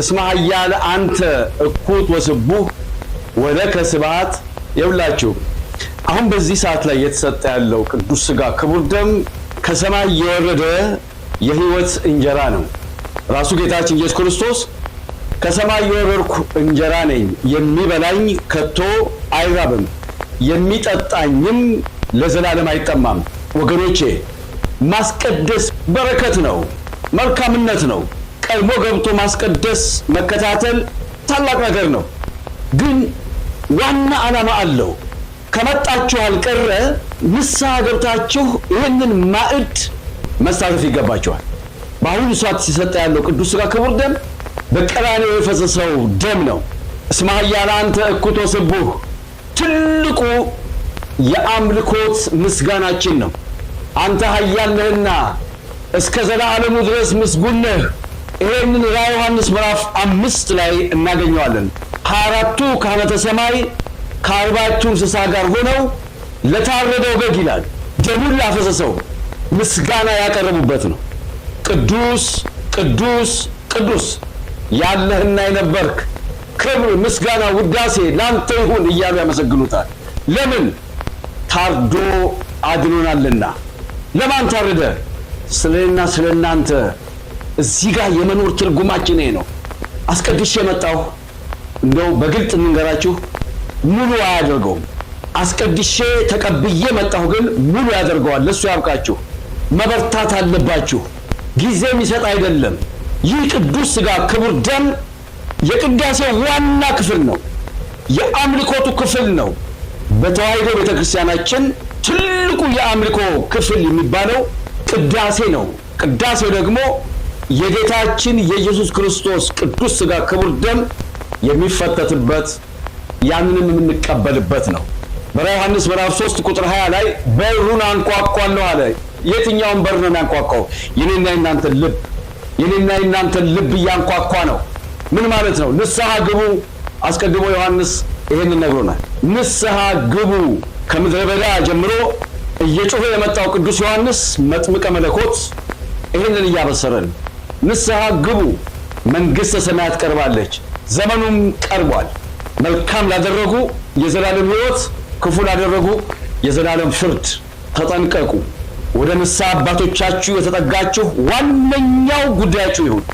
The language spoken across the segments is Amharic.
እስመ ኃያል አንተ እኩት ወስቡህ ወለከ ስብሐት። የውላችሁ አሁን በዚህ ሰዓት ላይ የተሰጠ ያለው ቅዱስ ስጋ ክቡር ደም ከሰማይ የወረደ የህይወት እንጀራ ነው። ራሱ ጌታችን ኢየሱስ ክርስቶስ ከሰማይ የወረድኩ እንጀራ ነኝ፣ የሚበላኝ ከቶ አይራብም፣ የሚጠጣኝም ለዘላለም አይጠማም። ወገኖቼ ማስቀደስ በረከት ነው፣ መልካምነት ነው። ቀድሞ ገብቶ ማስቀደስ መከታተል ታላቅ ነገር ነው። ግን ዋና ዓላማ አለው። ከመጣችሁ አልቀረ ንስሐ ገብታችሁ ይህንን ማዕድ መሳተፍ ይገባችኋል። በአሁኑ ሰዓት ሲሰጠ ያለው ቅዱስ ሥጋ ክቡር ደም በቀራኔው የፈሰሰው ደም ነው። እስመ ኃያለ አንተ እኩቶ ስቡህ ትልቁ የአምልኮት ምስጋናችን ነው። አንተ ኃያል ነህና እስከ ዘላለሙ ድረስ ምስጉን ነህ። ይሄንን ራ ዮሐንስ ምዕራፍ አምስት ላይ እናገኘዋለን። ከአራቱ ካህናተ ሰማይ ከአርባቱ እንስሳ ጋር ሆነው ለታረደው በግ ይላል ደሙን ላፈሰሰው ምስጋና ያቀረቡበት ነው። ቅዱስ ቅዱስ ቅዱስ ያለህና የነበርክ ክብር፣ ምስጋና፣ ውዳሴ ላንተ ይሁን እያሉ ያመሰግኑታል። ለምን ታርዶ አድኖናልና። ለማን ታርደ? ስለና ስለ እናንተ እዚህ ጋር የመኖር ትርጉማችን ይሄ ነው። አስቀድሼ የመጣሁ እንደው በግልጽ የምንገራችሁ ሙሉ አያደርገውም። አስቀድሼ ተቀብዬ መጣሁ ግን ሙሉ ያደርገዋል። ለሱ ያብቃችሁ። መበርታት አለባችሁ። ጊዜ የሚሰጥ አይደለም። ይህ ቅዱስ ስጋ ክቡር ደም የቅዳሴ ዋና ክፍል ነው። የአምልኮቱ ክፍል ነው። በተዋሕዶ ቤተ ክርስቲያናችን ትልቁ የአምልኮ ክፍል የሚባለው ቅዳሴ ነው። ቅዳሴው ደግሞ የጌታችን የኢየሱስ ክርስቶስ ቅዱስ ስጋ ክቡር ደም የሚፈተትበት ያንንም የምንቀበልበት ነው። በራ ዮሐንስ ምዕራፍ 3 ቁጥር 20 ላይ በሩን አንኳኳለሁ አለ። የትኛውን በር ነው የሚያንኳኳው? የኔና የናንተ ልብ። የኔና የናንተ ልብ እያንኳኳ ነው። ምን ማለት ነው? ንስሐ ግቡ። አስቀድሞ ዮሐንስ ይሄንን ነግሮናል። ንስሐ ግቡ። ከምድረ በዳ ጀምሮ እየጮኸ የመጣው ቅዱስ ዮሐንስ መጥምቀ መለኮት ይህንን እያበሰረን ንስሐ ግቡ፣ መንግሥተ ሰማያት ቀርባለች፣ ዘመኑም ቀርቧል። መልካም ላደረጉ የዘላለም ሕይወት፣ ክፉ ላደረጉ የዘላለም ፍርድ ተጠንቀቁ። ወደ ንስሐ አባቶቻችሁ የተጠጋችሁ ዋነኛው ጉዳያችሁ ይሁን።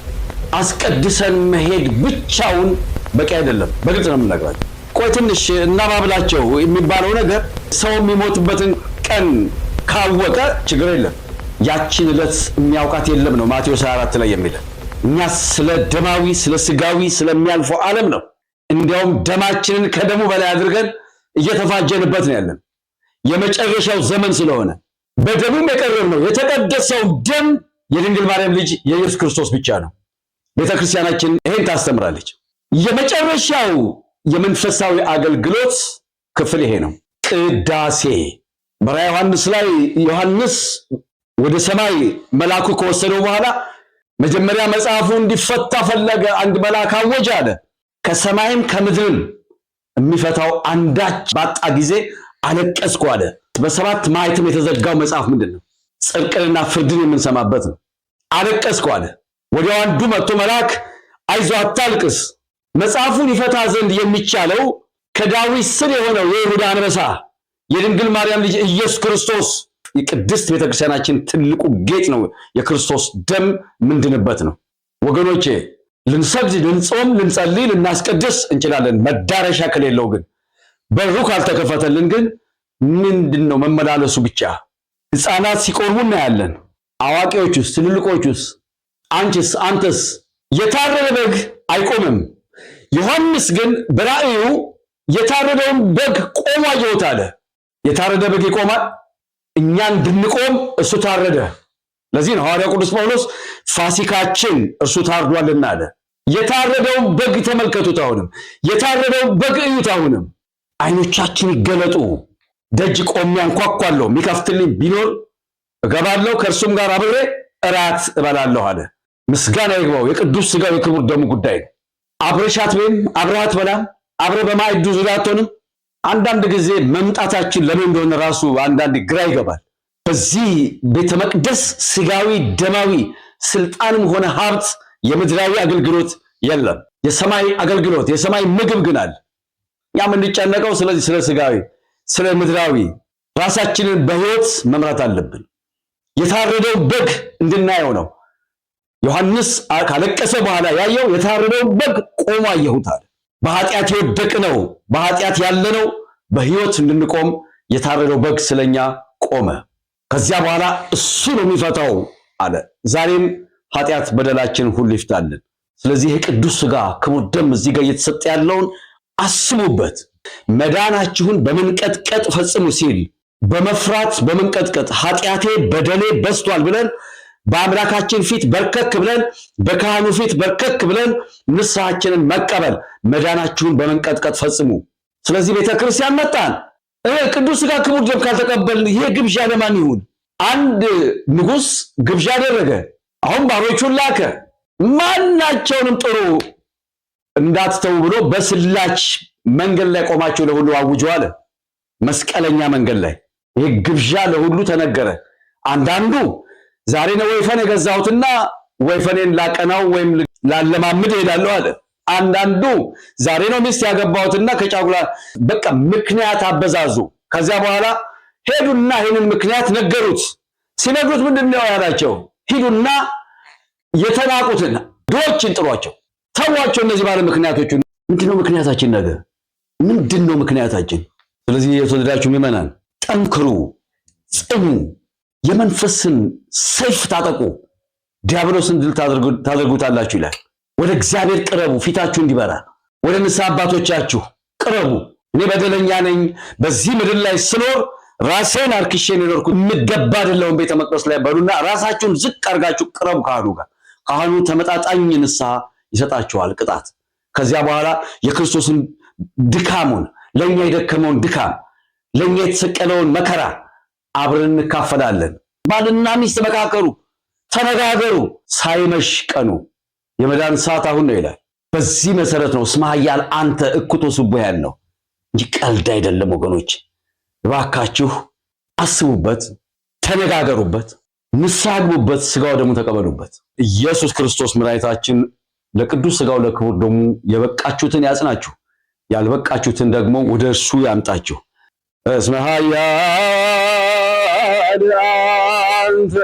አስቀድሰን መሄድ ብቻውን በቂ አይደለም። በግልጽ ነው የምነግራቸው። ቆይ ትንሽ እናባብላቸው የሚባለው ነገር ሰው የሚሞትበትን ቀን ካወቀ ችግር የለም። ያቺን ዕለት የሚያውቃት የለም ነው ማቴዎስ 24 ላይ የሚለ እኛ ስለ ደማዊ ስለ ስጋዊ ስለሚያልፈው ዓለም ነው። እንዲያውም ደማችንን ከደሙ በላይ አድርገን እየተፋጀንበት ነው ያለን የመጨረሻው ዘመን ስለሆነ በደሙም የቀረብ ነው። የተቀደሰው ደም የድንግል ማርያም ልጅ የኢየሱስ ክርስቶስ ብቻ ነው። ቤተ ክርስቲያናችን ይሄን ታስተምራለች። የመጨረሻው የመንፈሳዊ አገልግሎት ክፍል ይሄ ነው፣ ቅዳሴ በራ ዮሐንስ ላይ ዮሐንስ ወደ ሰማይ መልአኩ ከወሰደው በኋላ መጀመሪያ መጽሐፉ እንዲፈታ ፈለገ። አንድ መልአክ አወጀ አለ። ከሰማይም ከምድርም የሚፈታው አንዳች ባጣ ጊዜ አለቀስኩ አለ። በሰባት ማየትም የተዘጋው መጽሐፍ ምንድን ነው? ጽድቅንና ፍርድን የምንሰማበት ነው። አለቀስኩ አለ። ወዲያው አንዱ መጥቶ መልአክ አይዞ አታልቅስ፣ መጽሐፉን ይፈታ ዘንድ የሚቻለው ከዳዊት ስር የሆነው የይሁዳ አንበሳ የድንግል ማርያም ልጅ ኢየሱስ ክርስቶስ የቅድስት ቤተክርስቲያናችን ትልቁ ጌጥ ነው። የክርስቶስ ደም ምንድንበት ነው ወገኖቼ። ልንሰግድ፣ ልንጾም፣ ልንጸልይ፣ ልናስቀድስ እንችላለን። መዳረሻ ከሌለው ግን በሩ ካልተከፈተልን ግን ምንድን ነው መመላለሱ ብቻ። ህፃናት ሲቆርቡ እናያለን። አዋቂዎቹስ? ትልልቆቹስ? አንቺስ? አንተስ? የታረደ በግ አይቆምም። ዮሐንስ ግን በራእዩ የታረደውን በግ ቆሞ አየሁት አለ። የታረደ በግ ይቆማል? እኛ እንድንቆም እሱ ታረደ። ለዚህ ነው ሐዋርያ ቅዱስ ጳውሎስ ፋሲካችን እርሱ ታርዷልና አለ። የታረደውን በግ ተመልከቱት። አሁንም የታረደውን በግ እዩት። አሁንም አይኖቻችን ይገለጡ። ደጅ ቆሜ አንኳኳለሁ፣ የሚከፍትልኝ ቢኖር እገባለሁ፣ ከእርሱም ጋር አብሬ እራት እበላለሁ አለ። ምስጋና ይግባው። የቅዱስ ሥጋው የክቡር ደሙ ጉዳይ ነው። አብረሻት ወይም አብረሃት በላም አብረ በማዕዱ ዙሪያ አትሆንም። አንዳንድ ጊዜ መምጣታችን ለምን እንደሆነ ራሱ አንዳንድ ግራ ይገባል። በዚህ ቤተ መቅደስ ስጋዊ ደማዊ ስልጣንም ሆነ ሀብት የምድራዊ አገልግሎት የለም። የሰማይ አገልግሎት የሰማይ ምግብ ግን አለ። እኛ የምንጨነቀው ስለዚህ ስለ ስጋዊ ስለ ምድራዊ ራሳችንን በህይወት መምራት አለብን። የታረደው በግ እንድናየው ነው። ዮሐንስ ካለቀሰ በኋላ ያየው የታረደውን በግ ቆሞ አየሁት አለ። በኃጢአት የወደቅ ነው፣ በኃጢአት ያለ ነው። በህይወት እንድንቆም የታረደው በግ ስለኛ ቆመ። ከዚያ በኋላ እሱ ነው የሚፈታው አለ። ዛሬም ኃጢአት በደላችን ሁሉ ይፍታልን። ስለዚህ የቅዱስ ስጋ ክቡር ደም እዚህ ጋር እየተሰጠ ያለውን አስቡበት። መዳናችሁን በመንቀጥቀጥ ፈጽሙ ሲል በመፍራት በመንቀጥቀጥ ኃጢአቴ በደሌ በስቷል ብለን በአምላካችን ፊት በርከክ ብለን በካህኑ ፊት በርከክ ብለን ንስሐችንን መቀበል መዳናችሁን በመንቀጥቀጥ ፈጽሙ። ስለዚህ ቤተ ክርስቲያን መጣን። ቅዱስ ሥጋ ክቡር ደም ካልተቀበልን ይሄ ግብዣ ለማን ይሁን? አንድ ንጉሥ ግብዣ አደረገ። አሁን ባሮቹን ላከ። ማናቸውንም ጥሩ እንዳትተው ብሎ በስላች መንገድ ላይ ቆማቸው ለሁሉ አውጆ አለ። መስቀለኛ መንገድ ላይ ይህ ግብዣ ለሁሉ ተነገረ። አንዳንዱ ዛሬ ነው ወይፈን የገዛሁትና ወይፈኔን ላቀናው ወይም ላለማምድ እሄዳለሁ አለ። አንዳንዱ ዛሬ ነው ሚስት ያገባሁትና ከጫጉላ በቃ ምክንያት አበዛዙ። ከዚያ በኋላ ሄዱና ይህንን ምክንያት ነገሩት። ሲነግሩት ምንድን ነው ያላቸው? ሂዱና የተናቁትን ድሆችን ጥሯቸው፣ ተዋቸው። እነዚህ ባለ ምክንያቶቹ ምንድን ነው ምክንያታችን? ነገር ምንድን ነው ምክንያታችን? ስለዚህ የተወደዳችሁ ምዕመናን ጠንክሩ፣ ጽኑ። የመንፈስን ሰይፍ ታጠቁ፣ ዲያብሎስን ድል ታደርጉታላችሁ ይላል። ወደ እግዚአብሔር ቅረቡ፣ ፊታችሁ እንዲበራ ወደ ንስሐ አባቶቻችሁ ቅረቡ። እኔ በደለኛ ነኝ፣ በዚህ ምድር ላይ ስኖር ራሴን አርክሼን የኖርኩ የምገባ አይደለሁም ቤተ መቅደስ ላይ በሉና ራሳችሁን ዝቅ አድርጋችሁ ቅረቡ ካህኑ ጋር። ካህኑ ተመጣጣኝ ንስሐ ይሰጣችኋል ቅጣት። ከዚያ በኋላ የክርስቶስን ድካሙን ለእኛ የደከመውን ድካም ለእኛ የተሰቀለውን መከራ አብረን እንካፈላለን። ባልና ሚስት ተመካከሩ፣ ተነጋገሩ ሳይመሽ ቀኑ። የመዳን ሰዓት አሁን ነው ይላል። በዚህ መሰረት ነው ስማያል አንተ እኩቶ ስቡ ነው እንጂ ቀልድ አይደለም ወገኖች። እባካችሁ አስቡበት፣ ተነጋገሩበት፣ ንስሐ ግቡበት፣ ስጋው ደግሞ ተቀበሉበት። ኢየሱስ ክርስቶስ መድኃኒታችን ለቅዱስ ስጋው ለክቡር ደግሞ የበቃችሁትን ያጽናችሁ፣ ያልበቃችሁትን ደግሞ ወደ እርሱ ያምጣችሁ። እስመ ኃያል አንተ